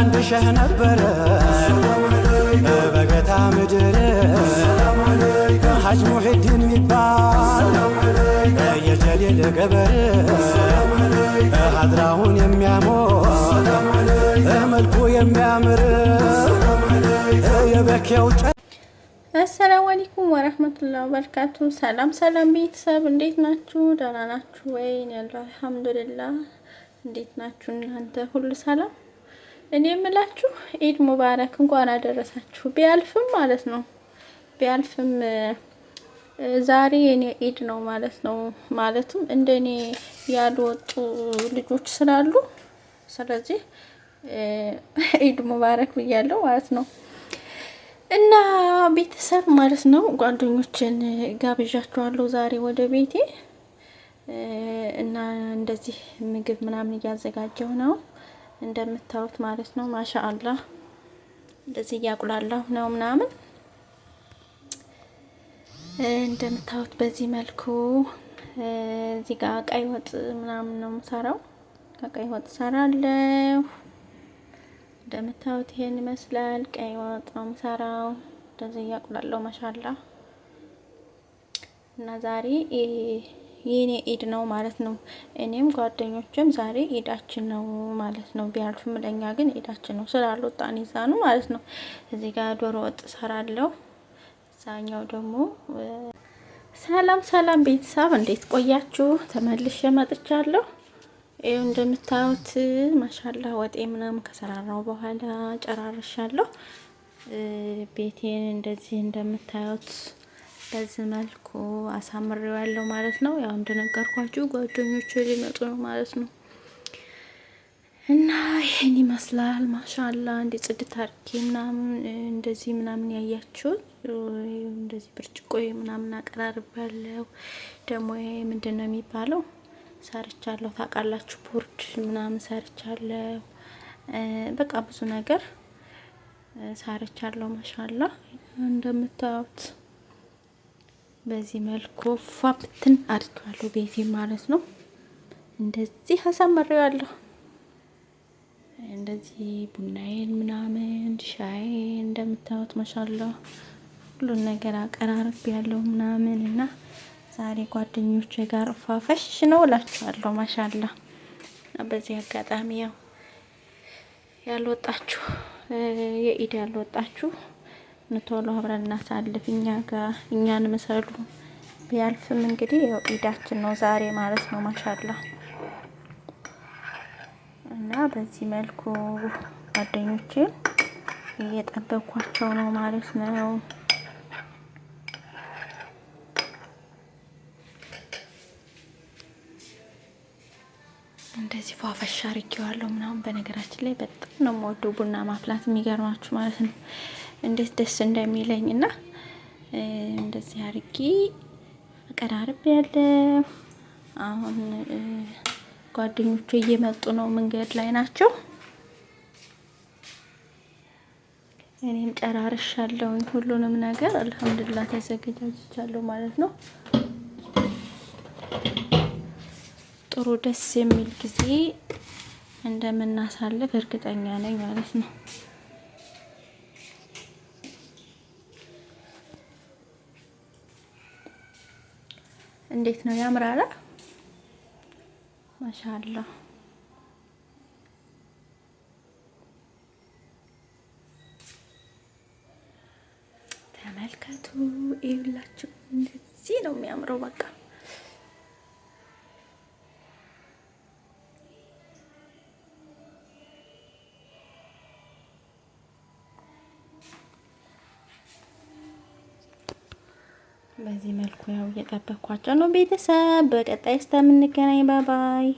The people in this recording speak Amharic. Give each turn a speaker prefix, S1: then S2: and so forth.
S1: አንድ ሸህ ነበረ በገታ ምድር ሐጅ ሙሒዲን ሚባል የጀሌል ገበር ሀድራውን የሚያሞት መልኩ የሚያምር የበኪያው
S2: አሰላሙ አለይኩም ወረህመቱላሂ ወበረካቱ። ሰላም ሰላም ቤተሰብ እንዴት ናችሁ? ደህና ናችሁ ወይ? ያለው አልሐምዱሊላህ። እንዴት ናችሁ እናንተ? ሁሉ ሰላም እኔ የምላችሁ ኢድ ሙባረክ እንኳን አደረሳችሁ። ቢያልፍም ማለት ነው ቢያልፍም ዛሬ የኔ ኢድ ነው ማለት ነው። ማለትም እንደኔ ያልወጡ ልጆች ስላሉ ስለዚህ ኢድ ሙባረክ ብያለሁ ማለት ነው። እና ቤተሰብ ማለት ነው ጓደኞችን ጋብዣቸዋለሁ ዛሬ ወደ ቤቴ እና እንደዚህ ምግብ ምናምን እያዘጋጀው ነው። እንደምታዩት ማለት ነው። ማሻ አላህ እንደዚህ እያቁላላሁ ነው ምናምን እንደምታዩት በዚህ መልኩ እዚህ ጋር ቀይ ወጥ ምናምን ነው የምሰራው። ከቀይ ወጥ ሰራለሁ። እንደምታዩት ይሄን ይመስላል። ቀይ ወጥ ነው የምሰራው። እንደዚህ እያቁላለሁ ማሻላ እና ዛሬ የኔ ኢድ ነው ማለት ነው። እኔም ጓደኞችም ዛሬ ኢዳችን ነው ማለት ነው። ቢያልፍም ለኛ ግን ኢዳችን ነው ስላልወጣን ይዛ ነው ማለት ነው። እዚህ ጋር ዶሮ ወጥ ሰራለሁ። እዛኛው ደግሞ ሰላም ሰላም ቤተሰብ እንዴት ቆያችሁ? ተመልሼ መጥቻለሁ። ይኸው እንደምታዩት ማሻላ ወጤ ምናምን ከሰራራው በኋላ ጨራርሻለሁ። ቤቴን እንደዚህ እንደምታዩት በዚህ መልኩ አሳምሬው ያለው ማለት ነው። ያው እንደነገርኳችሁ ጓደኞቹ ሊመጡ ነው ማለት ነው። እና ይህን ይመስላል ማሻላ እንዲ ጽድት አርኪ ምናምን እንደዚህ ምናምን ያያችሁ እንደዚህ ብርጭቆ ምናምን አቀራርብ ያለው ደግሞ ምንድን ነው የሚባለው ሰርቻለሁ። ታውቃላችሁ ቦርድ ምናምን ሰርቻለሁ። በቃ ብዙ ነገር ሰርቻለሁ። ማሻላ እንደምታዩት በዚህ መልኩ ፏብትን አድርጌዋለሁ ቤቴ ማለት ነው። እንደዚህ አሳምሬዋለሁ። እንደዚህ ቡናዬን ምናምን ሻይ እንደምታዩት ማሻላ ሁሉን ነገር አቀራርብ ያለው ምናምን እና ዛሬ ጓደኞቼ ጋር ፋፋሽ ነው እላችኋለሁ። ማሻላ በዚህ አጋጣሚ ያው ያልወጣችሁ የኢድ ያልወጣችሁ ንቶሎ አብረን እናሳልፍ። እኛ ጋር እኛን ምሰሉ። ቢያልፍም እንግዲህ ያው ኢዳችን ነው ዛሬ ማለት ነው። ማሻላ እና በዚህ መልኩ ጓደኞቼ እየጠበኳቸው ነው ማለት ነው። እንደዚህ ፏፈሻ አርጌዋለሁ ምናምን። በነገራችን ላይ በጣም ነው የምወደው ቡና ማፍላት የሚገርማችሁ ማለት ነው። እንዴት ደስ እንደሚለኝ እና እንደዚህ አርጌ አቀራርብ ያለ አሁን ጓደኞቹ እየመጡ ነው። መንገድ ላይ ናቸው። እኔም ጨራርሻለሁ ሁሉንም ነገር አልሐምዱሊላህ ተዘጋጅቻለሁ ማለት ነው። ጥሩ ደስ የሚል ጊዜ እንደምናሳልፍ እርግጠኛ ነኝ ማለት ነው። እንዴት ነው ያምራል? ማሻአላ ተመልከቱ፣ ይኸውላችሁ እንደዚህ ነው የሚያምረው በቃ በዚህ መልኩ ያው እየጠበኳቸው ነው ቤተሰብ። በቀጣይ እስከምንገናኝ ባባይ